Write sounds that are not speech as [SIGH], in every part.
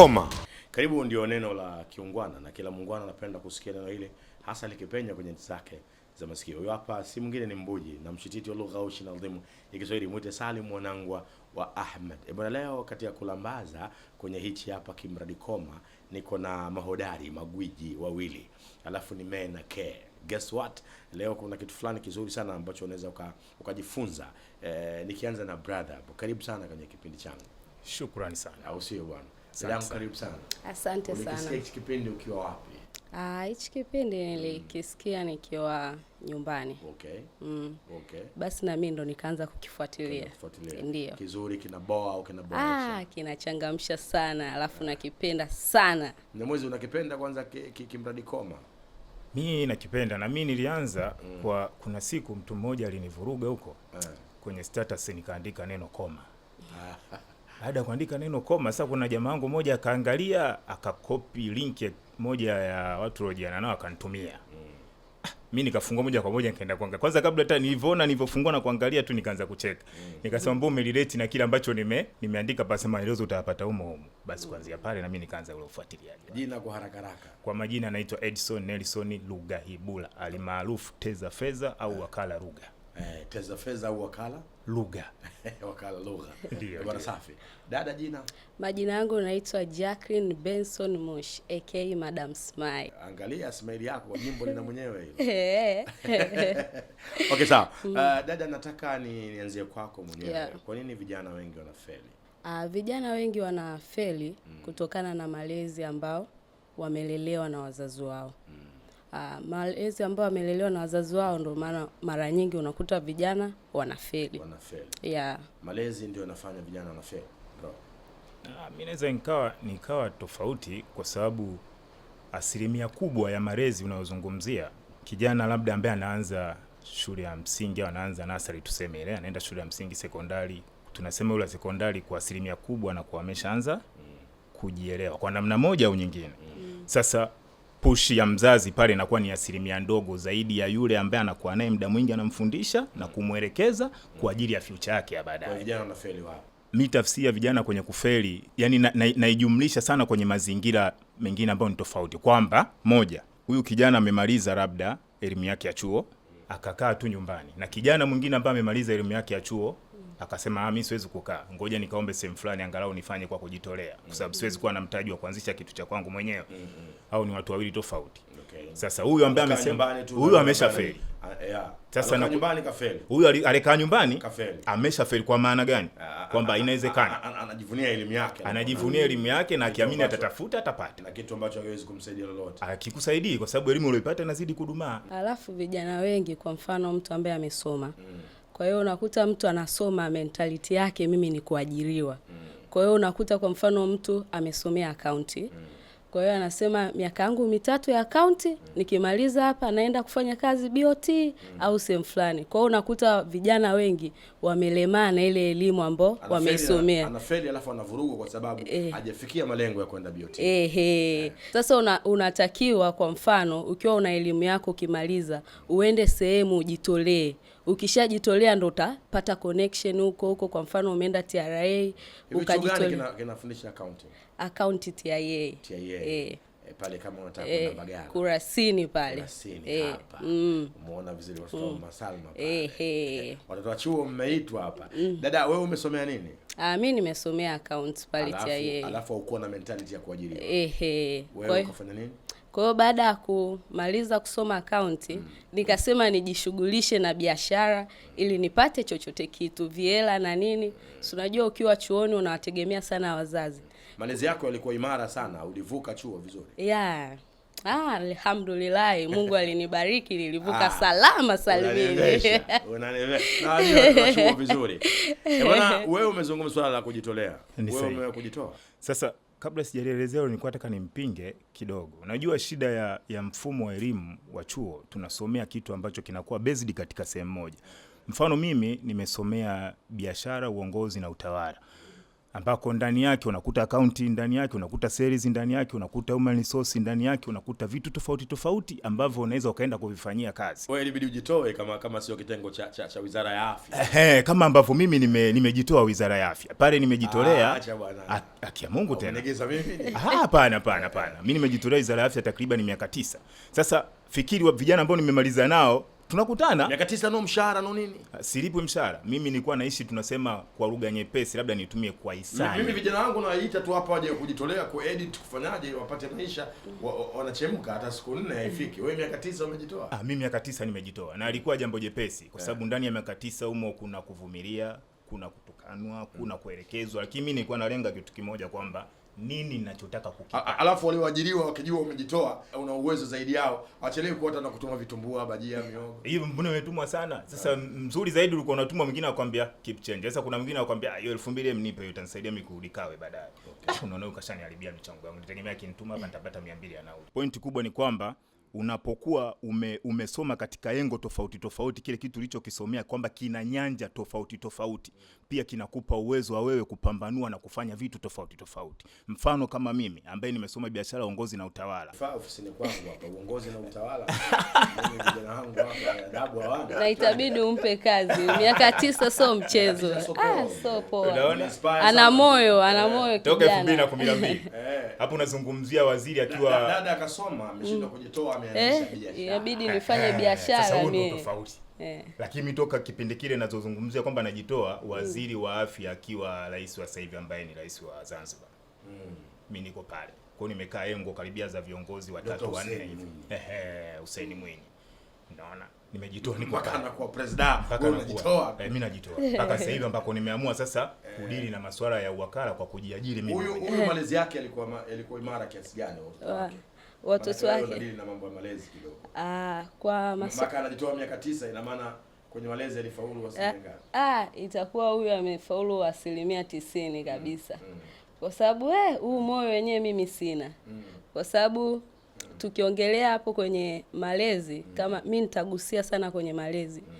Koma. Karibu ndio neno la kiungwana na kila muungwana anapenda kusikia neno hili hasa likipenya kwenye zake za masikio. Huyo hapa si mwingine ni Mbuji na mshititi wa lugha ushi na udhimu ya Kiswahili, mwite Salim mwanangwa wa Ahmed. E bwana, leo kati ya kulambaza kwenye hichi hapa kimradi Koma niko na mahodari magwiji wawili, alafu ni me na ke Guess what? Leo kuna kitu fulani kizuri sana ambacho unaweza ukajifunza. eh, nikianza na brother karibu sana kwenye kipindi changu. Shukrani sana, au sio bwana? Dadangu, karibu sana. Asante sana. Ulikisikia hichi kipindi ukiwa wapi? Ah, hichi kipindi mm. nilikisikia nikiwa nyumbani. Okay. Mm. Okay. Basi na mimi ndo nikaanza kukifuatilia. Ndio. Kizuri kinaboa au kinaboa? Ah, kinachangamsha sana, alafu nakipenda sana. Na unakipenda kwanza kimradi ki, ki koma. Mimi nakipenda na mimi nilianza mm. kwa kuna siku mtu mmoja alinivuruga huko. Ah. Kwenye status nikaandika neno koma. [LAUGHS] baada ya kuandika neno koma, sasa kuna jamaa wangu mmoja akaangalia akakopi link moja ya watu waliojiana nao akanitumia. Ah, mimi nikafungua moja kwa moja nikaenda kuangalia. Kwanza kabla hata nilivyoona nilivyofungua na kuangalia tu nikaanza kucheka. Mm. Nikasema mbona umelirelate na kile ambacho nime nimeandika pale maelezo utayapata humo humo. Basi mm. kuanzia pale na mimi nikaanza ule ufuatiliaji. Jina kwa haraka haraka. Kwa majina anaitwa Edson Nelson Lugahibula, alimaarufu Teza Fedha eh. eh, au Wakala Ruga. Eh, Teza Fedha au Wakala lugha [LAUGHS] wakala lugha ndio bwana. Safi dada, jina majina yangu naitwa Jacqueline Benson Moshi aka Madam Smile. Angalia smile yako, jimbo lina mwenyewe hilo [LAUGHS] [LAUGHS] okay, sawa. Mm. Uh, dada, nataka ni nianzie kwako mwenyewe yeah. Kwa nini vijana wengi wanafeli? Uh, ah, vijana wengi wanafeli mm. kutokana na malezi ambao wamelelewa na wazazi wao mm. Ah, malezi ambayo wamelelewa na wazazi wao, ndio maana mara nyingi unakuta vijana wanafeli, wanafeli. Yeah. Malezi ndio yanafanya vijana wanafeli. Mimi ah, naweza nikawa nikawa tofauti kwa sababu asilimia kubwa ya malezi unayozungumzia kijana labda ambaye anaanza shule ya msingi au anaanza nasari tuseme, ile anaenda shule ya msingi sekondari, tunasema yule sekondari kwa asilimia kubwa na kwa ameshaanza mm. kujielewa kwa namna moja au nyingine. Mm. Sasa push ya mzazi pale inakuwa ni asilimia ndogo zaidi ya yule ambaye anakuwa naye muda mwingi anamfundisha na kumwelekeza kwa ajili ya future yake ya baadaye. Vijana wanafeli wao. Mi tafsiri ya vijana kwenye kufeli, yani naijumlisha na, na sana kwenye mazingira mengine ambayo ni tofauti, kwamba moja, huyu kijana amemaliza labda elimu yake ya chuo akakaa tu nyumbani na kijana mwingine ambaye amemaliza elimu yake ya chuo akasema ah, mimi siwezi kukaa, ngoja nikaombe sehemu fulani angalau nifanye kwa kujitolea, kwa sababu siwezi kuwa na mtaji wa kuanzisha kitu cha kwangu mwenyewe. Mm-hmm. au ni watu wawili tofauti. Sasa huyu ambaye amesema huyu ameshafeli ah, sasa na nyumbani kafeli. Huyu alikaa nyumbani ameshafeli kwa maana gani? Ah, Kwamba inawezekana anajivunia elimu yake. Anajivunia elimu yake na akiamini atatafuta atapata. Na kitu ambacho kumsaidia lolote. Akikusaidii kwa sababu elimu uliyopata inazidi kudumaa. Alafu vijana wengi kwa mfano mtu ambaye amesoma mm. Kwa hiyo unakuta mtu anasoma, mentality yake mimi ni kuajiriwa. Mm. Kwa hiyo unakuta kwa mfano mtu amesomea akaunti, mm. kwa hiyo anasema miaka yangu mitatu ya akaunti, mm. nikimaliza hapa naenda kufanya kazi BOT au sehemu fulani. Kwa hiyo unakuta vijana wengi wamelemaa na ile elimu ambao wameisomea, anafeli alafu anavurugwa kwa sababu eh. hajafikia malengo ya kwenda BOT. eh. sasa una, unatakiwa kwa mfano ukiwa una elimu yako ukimaliza uende sehemu ujitolee ukishajitolea ndo utapata connection huko huko. Kwa mfano umeenda TRA ukajitolea, kinafundisha accounting, account TIA, TIA. E. Eh. Eh, pale kama unataka kwenda eh, Mbagala kurasini pale mm. umeona vizuri watoto wa mm. Salma pale, [LAUGHS] watoto wa chuo mmeitwa hapa. Mm. Dada wewe umesomea nini? Ah, mimi nimesomea accounts pale TIA. Alafu alafu haukuwa na mentality ya kuajiriwa. eh, eh. Wewe ukafanya nini? Kwa hiyo baada ya kumaliza kusoma akaunti mm. nikasema nijishughulishe na biashara ili nipate chochote kitu viela na nini. Si unajua ukiwa chuoni unawategemea sana wazazi. Malezi yako yalikuwa imara sana, ulivuka chuo vizuri. Yeah. Ah, alhamdulillah Mungu alinibariki nilivuka ah, salama salimini. Unanielewesha. [LAUGHS] chuo vizuri. [LAUGHS] Eh, bwana, wewe umezungumza swala la kujitolea. Wewe kujitoa? Sasa kabla sijaelezea nilikuwa nataka nimpinge kidogo. Unajua shida ya, ya mfumo wa elimu wa chuo, tunasomea kitu ambacho kinakuwa based katika sehemu moja. Mfano mimi nimesomea biashara, uongozi na utawala ambako ndani yake unakuta akaunti, ndani yake unakuta sales, ndani yake unakuta human resource, ndani yake unakuta vitu tofauti tofauti ambavyo unaweza ukaenda kuvifanyia kazi. Wewe ilibidi ujitoe kama kama sio kitengo cha, cha, cha Wizara ya Afya. Eh, kama ambavyo mimi nime nimejitoa Wizara ya Afya. Pale nimejitolea. ah, ah Akia Mungu tena. Unigeza mimi? [LAUGHS] Ah, hapana hapana hapana. Mimi nimejitolea Wizara ya Afya takriban miaka tisa. Sasa fikiri wa vijana ambao nimemaliza nao tunakutana miaka tisa, no mshahara no nini, ah, silipwi mshahara. Mimi nilikuwa naishi, tunasema kwa lugha nyepesi, labda nitumie kwa hisani. Mimi vijana wangu nawaita tu hapa waje kujitolea edit kufanyaje wapate maisha, wanachemka hata siku nne haifiki. Wewe miaka tisa umejitoa? Ah, mimi miaka tisa nimejitoa, na alikuwa jambo jepesi kwa eh. sababu ndani ya miaka tisa humo kuna kuvumilia, kuna kutukanwa, kuna mm. kuelekezwa, lakini mimi nilikuwa nalenga kitu kimoja kwamba nini ninachotaka kukipa. Alafu walioajiriwa wakijua umejitoa, una uwezo zaidi yao, achelewe kuota na kutuma vitumbua, bajia, miogo. Hiyo mbona umetumwa sana? Sasa eh. mzuri zaidi ulikuwa unatuma mwingine akwambia keep change. Sasa kuna mwingine akwambia hiyo 2000 mnipe, hiyo itanisaidia mimi kurudi kawe baadaye. Okay. [LAUGHS] Unaona ukashaniharibia michango yangu. Nitegemea akinituma hapa mm. nitapata 200 ya nauli. Point kubwa ni kwamba unapokuwa ume, umesoma katika engo tofauti tofauti, kile kitu ulichokisomea kwamba kina nyanja tofauti tofauti, pia kinakupa uwezo wa wewe kupambanua na kufanya vitu tofauti tofauti. Mfano kama mimi ambaye nimesoma biashara, uongozi na utawala, [LAUGHS] na itabidi umpe kazi. Miaka tisa sio mchezo. Ah, so poa. Ana moyo, ana moyo toka 2012 [LAUGHS] hapo unazungumzia waziri akiwa dada akasoma ameshindwa mm. kujitoa, ameanzisha eh, biashara, inabidi eh, nifanye eh, biashara Sasa huo tofauti Yeah. Lakini toka kipindi kile ninazozungumzia kwamba anajitoa waziri mm. wa afya akiwa rais wa sasa hivi ambaye ni rais wa Zanzibar. Mm. Mimi niko pale. Kwa hiyo nimekaa yengo karibia za viongozi watatu wanne hivi. Ehe, Hussein mm. Mwinyi unaona nimejitoa niko mpaka na kwa presida wewe unajitoa eh, mimi najitoa mpaka sasa hivi ambako nimeamua sasa eh. kudili na masuala ya uwakala kwa kujiajiri mimi. Huyu huyu malezi yake alikuwa alikuwa imara kiasi gani watoto ah, watoto wake? Kudili na mambo ya malezi kidogo. Ah, kwa masuala mpaka anajitoa miaka tisa, ina maana kwenye malezi alifaulu asilimia ngapi? Ah, ah itakuwa huyu amefaulu asilimia tisini mm, kabisa. Mm, mm. Kwa sababu eh, huu moyo wenyewe mimi sina. Mm. Kwa sababu tukiongelea hapo kwenye malezi mm. kama mi nitagusia sana kwenye malezi mm.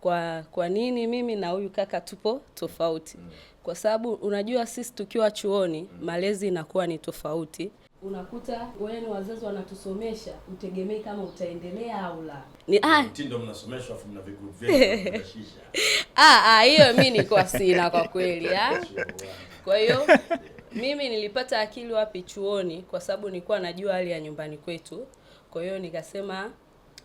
kwa kwa nini mimi na huyu kaka tupo tofauti mm. kwa sababu unajua sisi tukiwa chuoni mm. malezi inakuwa ni tofauti unakuta wewe ni wazazi wanatusomesha, utegemei kama utaendelea au la. Ni ah, mtindo mnasomeshwa afu mna [LAUGHS] ah ah, hiyo mimi niko sina kwa kweli ah. [LAUGHS] Kwa hiyo mimi nilipata akili wapi? Chuoni, kwa sababu nilikuwa najua hali ya nyumbani kwetu, kwa hiyo nikasema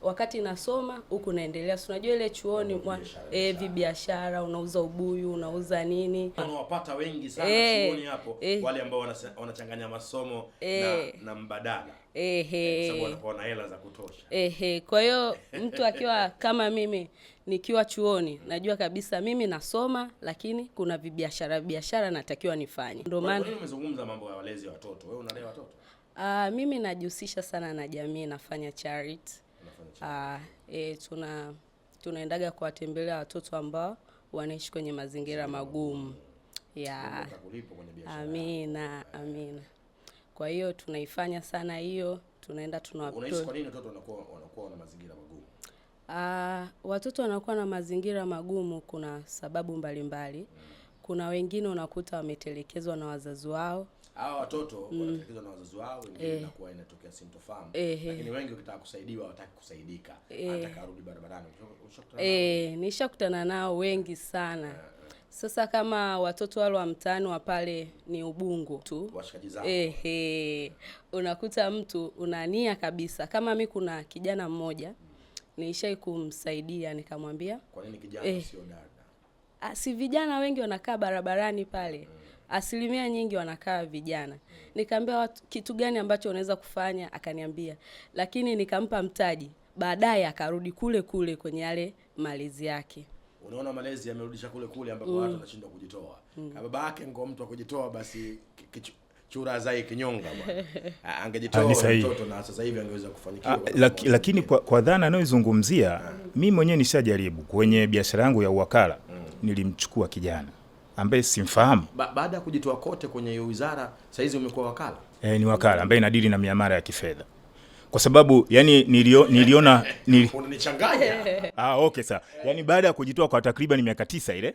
wakati nasoma huku naendelea, si unajua ile chuoni mwa eh, vibiashara unauza ubuyu unauza nini, unawapata wengi sana eh, chuoni hapo eh, wale ambao wanachanganya masomo eh, na, na mbadala eh, eh, sababu wanakuwa hela za kutosha eh, eh. Kwa hiyo mtu akiwa kama mimi nikiwa chuoni najua kabisa mimi nasoma, lakini kuna vibiashara biashara natakiwa nifanye. Ndio maana umezungumza mambo ya walezi watoto, wewe unalea watoto? Ah, mimi najihusisha sana na jamii, nafanya charity Ah, e, tuna tunaendaga kuwatembelea watoto ambao wanaishi kwenye mazingira magumu ya amina, amina. Kwa hiyo tunaifanya sana hiyo, tunaenda tunawapeleka. Kwa nini watoto wanakuwa wanakuwa na mazingira magumu? Ah, watoto wanakuwa na mazingira magumu, kuna sababu mbalimbali mbali. Mm. Kuna wengine unakuta wametelekezwa na wazazi wao hawa watoto mm. wanatatizwa na wazazi wao, wengine eh. inakuwa inatokea sintofahamu eh. Lakini wengi wakitaka kusaidiwa wataki kusaidika eh. hata karudi barabarani eh, nishakutana nao wengi sana eh, eh. Sasa kama watoto wale wa mtaani wa pale ni ubungo tu ehe, unakuta mtu unania kabisa. Kama mi kuna kijana mmoja niishai kumsaidia nikamwambia, kwa nini kijana eh. sio dada? Ah, si vijana wengi wanakaa barabarani pale mm asilimia nyingi wanakaa vijana. Nikaambia kitu gani ambacho unaweza kufanya, akaniambia, lakini nikampa mtaji, baadaye akarudi kule kule kwenye yale malezi yake. Unaona, malezi yamerudisha kule kule ambapo mm. watu wanashindwa kujitoa mm. baba yake ngo mtu akujitoa, basi chura zai kinyonga bwana, [LAUGHS] angejitoa mtoto na sasa hivi angeweza kufanikiwa. Ah, laki, lakini kwa, kwa dhana anayozungumzia mm. mimi mwenyewe nishajaribu kwenye biashara yangu ya uwakala mm. nilimchukua kijana ambaye simfahamu. Ba baada ya kujitoa kote kwenye hiyo wizara, hizi umekuwa wakala e, ni wakala ambaye inadili na miamara ya kifedha kwa sababu yani nilio, niliona nil... [LAUGHS] [LAUGHS] ah, okay sawa. Yani baada ya kujitoa kwa takriban miaka tisa ile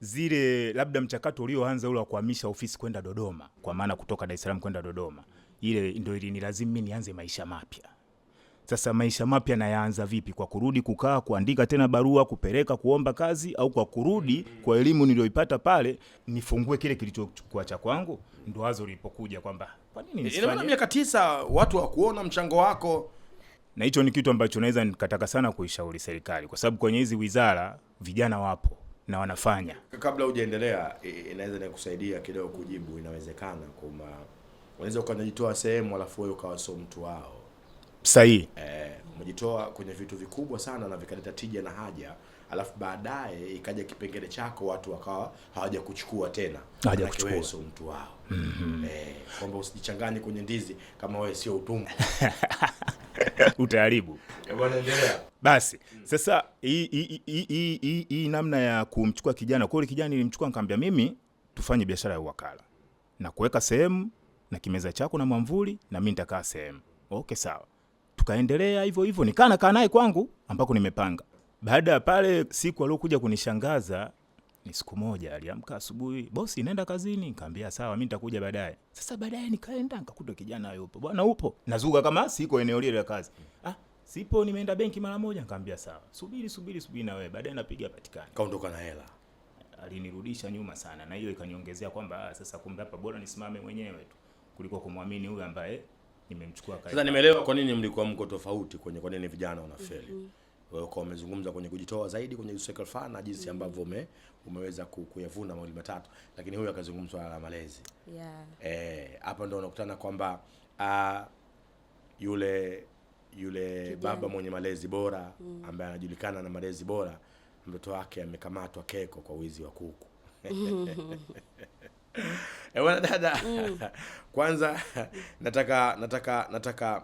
zile labda mchakato ulioanza ule wa kuhamisha ofisi kwenda Dodoma, kwa maana kutoka Dar es Salaam kwenda Dodoma, ile ndio ilinilazimu mimi nianze maisha mapya. Sasa maisha mapya nayaanza vipi? Kwa kurudi kukaa, kuandika tena barua, kupeleka kuomba kazi, au kwa kurudi kwa elimu niliyoipata pale, nifungue kile kilichokuwa cha kwangu? Ndo wazo lilipokuja kwamba kwa nini nisifanye. Ina miaka tisa watu wakuona mchango wako, na hicho ni kitu ambacho naweza nikataka sana kuishauri serikali, kwa sababu kwenye hizi wizara vijana wapo na wanafanya. Kabla hujaendelea, inaweza nikusaidia kidogo kujibu. Inawezekana kwamba unaweza ukanajitoa sehemu, alafu wewe ukawa sio mtu wao sahihi eh, umejitoa kwenye vitu vikubwa sana na vikaleta tija na haja alafu baadaye ikaja kipengele chako, watu wakawa hawajakuchukua tena, hawajakuchukua mtu wao mm -hmm. Eh, kwamba usijichanganye kwenye ndizi kama wewe sio utumbo [LAUGHS] utaharibu eh, basi. Sasa hii namna ya kumchukua kijana kweli, kijana nilimchukua nikamwambia, mimi tufanye biashara ya uwakala na kuweka sehemu na kimeza chako na mwamvuli, na mimi nitakaa sehemu. Okay, sawa tukaendelea hivyo hivyo, nikaa nakaa naye kwangu ambako nimepanga. Baada ya pale, siku aliokuja kunishangaza ni siku moja, aliamka asubuhi, bosi, nenda kazini. Nikamwambia sawa, mimi nitakuja baadaye. Sasa baadaye nikaenda nikakuta kijana yupo, bwana upo? Nazuka kama siko eneo lile la kazi. Mm. Ah, sipo, nimeenda benki mara moja. Nikamwambia sawa, subiri subiri subiri na wewe, baadaye napiga patikani. Kaondoka na hela alinirudisha nyuma sana, na hiyo ikaniongezea kwamba ah, sasa kumbe hapa bora nisimame mwenyewe tu kuliko kumwamini huyu ambaye nimemchukua kaipa. Sasa nimeelewa kwa nini mlikuwa mko tofauti kwenye kwa nini vijana wanafeli. Mm -hmm. Wewe kwa umezungumza kwenye kujitoa zaidi kwenye circle fan na jinsi mm-hmm. ambavyo ume, umeweza kuyavuna mawili matatu, lakini huyu akazungumza swala la malezi. Yeah. Eh, hapa ndio unakutana kwamba uh, yule yule Kijana. baba mwenye malezi bora mm. ambaye anajulikana na malezi bora, mtoto wake amekamatwa keko kwa wizi wa kuku [LAUGHS] E, bwana dada mm. Kwanza nataka nataka nataka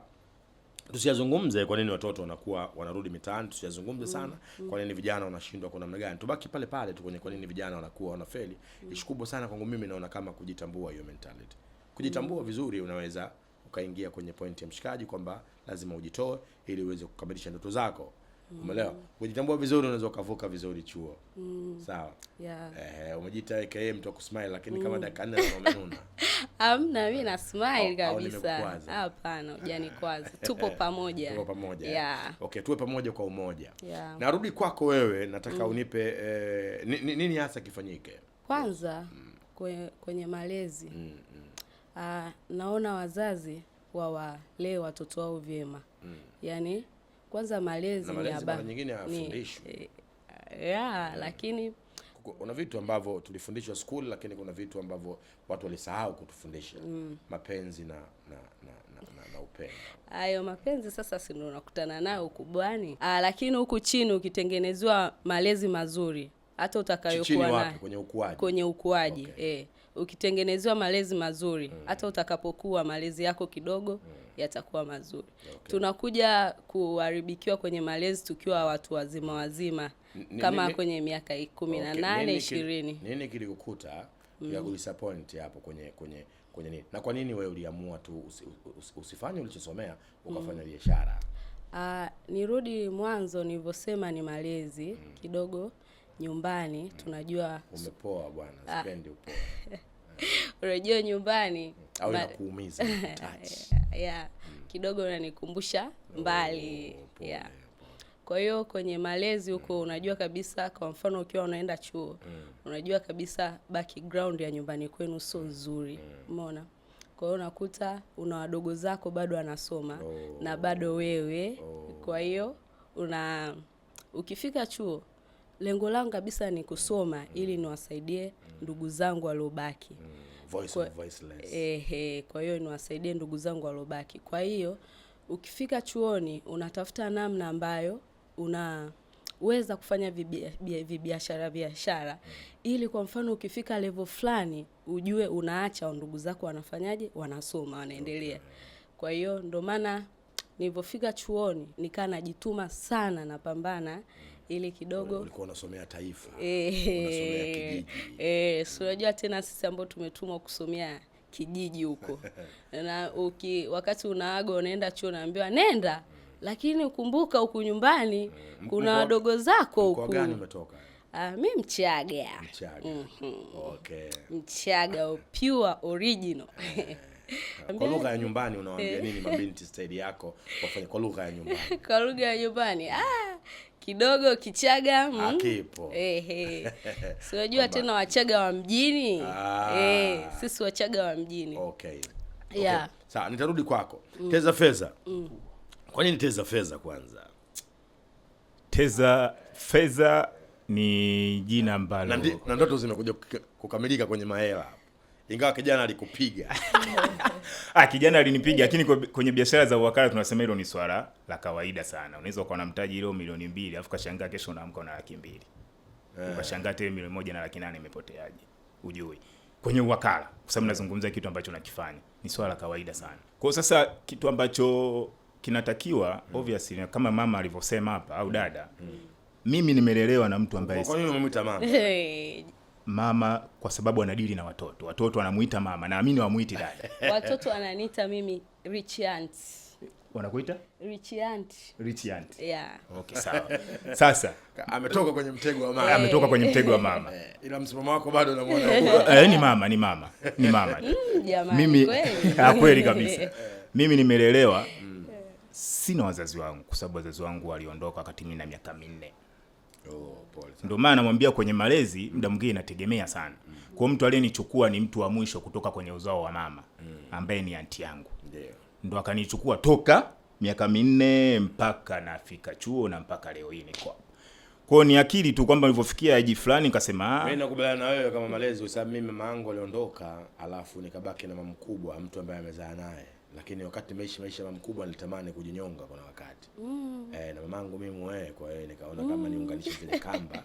tusiyazungumze kwa nini watoto wanakuwa wanarudi mitaani, tusiyazungumze mm, sana mm. kwa nini vijana wanashindwa kwa namna gani, tubaki pale pale tu kwenye kwa nini vijana wanakuwa wanafeli mm. Ishu kubwa sana kwangu mimi naona kama kujitambua, hiyo mentality kujitambua mm. vizuri, unaweza ukaingia kwenye pointi ya mshikaji kwamba lazima ujitoe ili uweze kukamilisha ndoto zako. Umeelewa? Ukijitambua vizuri unaweza ukavuka vizuri chuo. Mm. Sawa. Yeah. Eh, umejita yeye mtu akusmile lakini mm. kama dakika nne unanuna [LAUGHS] amna mimi na smile kabisa. Hapana, kwanza, [LAUGHS] Tupo pamoja. Tupo pamoja. Yeah. Okay, tuwe pamoja kwa umoja. Yeah. Narudi kwako wewe, nataka mm. unipe eh, nini hasa kifanyike? Kwanza mm. kwe, kwenye malezi. Mm, mm. Ah, naona wazazi wawale watoto wao vyema. Mm. Yaani kwanza malezi ni habari nyingine hafundishwi eh, ya, yeah, lakini kuna vitu ambavyo tulifundishwa skuli, lakini kuna vitu ambavyo watu walisahau kutufundisha mm. mapenzi na na, na, na, na, na upendo. Hayo mapenzi sasa, si ndio unakutana nayo ukubwani, ah, lakini huku chini ukitengenezewa malezi mazuri hata utakayokuwa nayo kwenye ukuaji, kwenye ukuaji okay. eh ukitengenezewa malezi mazuri mm. hata utakapokuwa malezi yako kidogo mm. yatakuwa mazuri okay. Tunakuja kuharibikiwa kwenye malezi tukiwa watu wazima wazima nini, kama nini, kwenye miaka kumi na nane ishirini. Nini kilikukuta mm. ya kudisappoint hapo kwenye kwenye kwenye nini, na kwa nini wewe uliamua tu usi, usi, usifanye ulichosomea ukafanya mm. biashara? Uh, nirudi mwanzo nilivyosema, ni malezi mm. kidogo nyumbani tunajua umepoa bwana, ah. sipendi upoa. [LAUGHS] Unajua nyumbani au inakuumiza [LAUGHS] touch. Yeah. Hmm. Kidogo unanikumbusha mbali. No, oh, yeah. Kwa hiyo kwenye malezi huko hmm. unajua kabisa, kwa mfano ukiwa unaenda chuo mm. unajua kabisa background ya nyumbani kwenu sio hmm. nzuri, umeona mm. Kwa hiyo unakuta una wadogo zako bado anasoma oh. na bado wewe oh. kwa hiyo una ukifika chuo lengo langu kabisa ni kusoma ili niwasaidie ndugu zangu waliobaki. Mm, voice kwa, Ehe, kwa hiyo niwasaidie ndugu zangu waliobaki. Kwa hiyo ukifika chuoni unatafuta namna ambayo unaweza kufanya vibiashara biashara, mm. ili kwa mfano ukifika level fulani ujue unaacha ndugu zako wanafanyaje, wanasoma, wanaendelea. Kwa hiyo ndo maana nilivyofika chuoni nikaa najituma sana, napambana mm ili kidogo. Ulikuwa unasomea taifa, eh, unasomea kijiji. Eh, si unajua tena sisi ambao tumetumwa kusomea kijiji huko [LAUGHS] na uki, wakati unaaga unaenda chuo naambiwa nenda, lakini ukumbuka huku nyumbani eh, kuna wadogo zako huku. Mkoa gani umetoka? Ah, mi Mchaga. Mchaga. Mm -hmm. Okay. Mchaga [LAUGHS] pure original. Eh, [LAUGHS] kwa lugha ya nyumbani unawaambia nini mabinti staili yako wafanye kwa lugha ya nyumbani? Kwa lugha ya nyumbani. Ah, kidogo Kichaga mm? Akipo. Hey, hey. [LAUGHS] Si unajua tena Wachaga wa mjini ah. Hey, eh, sisi Wachaga wa mjini okay. Okay. Yeah. Sawa, nitarudi kwako mm. Teza fedha mm. Kwa nini Teza fedha kwanza? Teza fedha ni jina ambalo na ndoto zimekuja kukamilika kwenye mahela ingawa kijana alikupiga. [LAUGHS] Ah, kijana alinipiga, lakini kwenye biashara za uwakala tunasema hilo ni swala la kawaida sana. Unaweza ukawa na mtaji leo milioni mbili alafu kashangaa kesho unaamka na laki mbili yeah. Ukashangaa tena milioni moja na laki nane imepoteaje? Ujui kwenye uwakala, kwa sababu nazungumza kitu ambacho nakifanya ni swala la kawaida sana. Kwa sasa kitu ambacho kinatakiwa mm. obviously kama mama alivyosema hapa au hmm. dada mm. mimi nimelelewa na mtu ambaye kwa nini unamwita mama mama kwa sababu anadili na watoto. Watoto wanamuita mama, naamini wamuiti dada. [LAUGHS] Watoto wananiita mimi rich aunt. Wanakuita rich aunt, rich aunt. Yeah. Okay, sawa. Sasa ametoka kwenye mtego wa mama, ametoka kwenye mtego wa eh, mama, eh, ila msimamo wako bado unamwona [LAUGHS] eh, ni mama, ni mama, ni mama mm, jamani. Mimi kweli ah, kabisa, [LAUGHS] mimi nimelelewa, mm. sina wazazi wangu kwa sababu wazazi wangu waliondoka wakati mimi na miaka minne. Oh, ndo Ndio maana namwambia kwenye malezi muda mwingine inategemea sana. Mm. Kwa mtu aliyenichukua ni mtu wa mwisho kutoka kwenye uzao wa mama mm. ambaye ni anti yangu. ndo akanichukua toka miaka minne mpaka nafika chuo na mpaka leo hii niko Kwa ni akili tu kwamba nilivyofikia aji fulani nikasema ah. mimi nakubaliana na wewe kama malezi, kwa sababu mimi mama yangu aliondoka, alafu nikabaki na mama mkubwa, mtu ambaye amezaa naye lakini wakati maisha maisha makubwa nilitamani kujinyonga kuna wakati mm. Eh, na mamangu mimi mwe, kwa hiyo nikaona mm. niunganishe zile kamba [LAUGHS]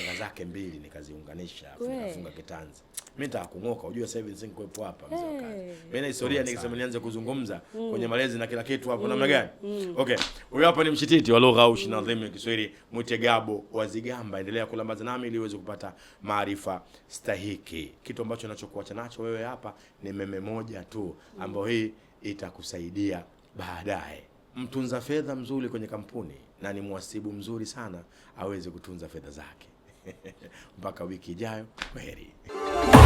anga zake mbili nikaziunganisha nikafunga kitanzi. Mimi nitakung'oka kung'oka, unajua sasa hivi nisingekuepo hapa mzee wa kazi. Mimi na historia nikisema nianze kuzungumza mm. kwenye malezi na kila kitu hapo mm. namna gani? Mm. Okay. Huyu hapa ni mshititi wa lugha au shina dhimi ya Kiswahili, mwite Gabo wa Zigamba. Endelea kulambaza nami ili uweze kupata maarifa stahiki. Kitu ambacho ninachokuacha nacho wewe hapa ni meme moja tu ambayo hii itakusaidia baadaye. Mtunza fedha mzuri kwenye kampuni na ni mwasibu mzuri sana aweze kutunza fedha zake. [LAUGHS] Mpaka wiki ijayo, kwaheri.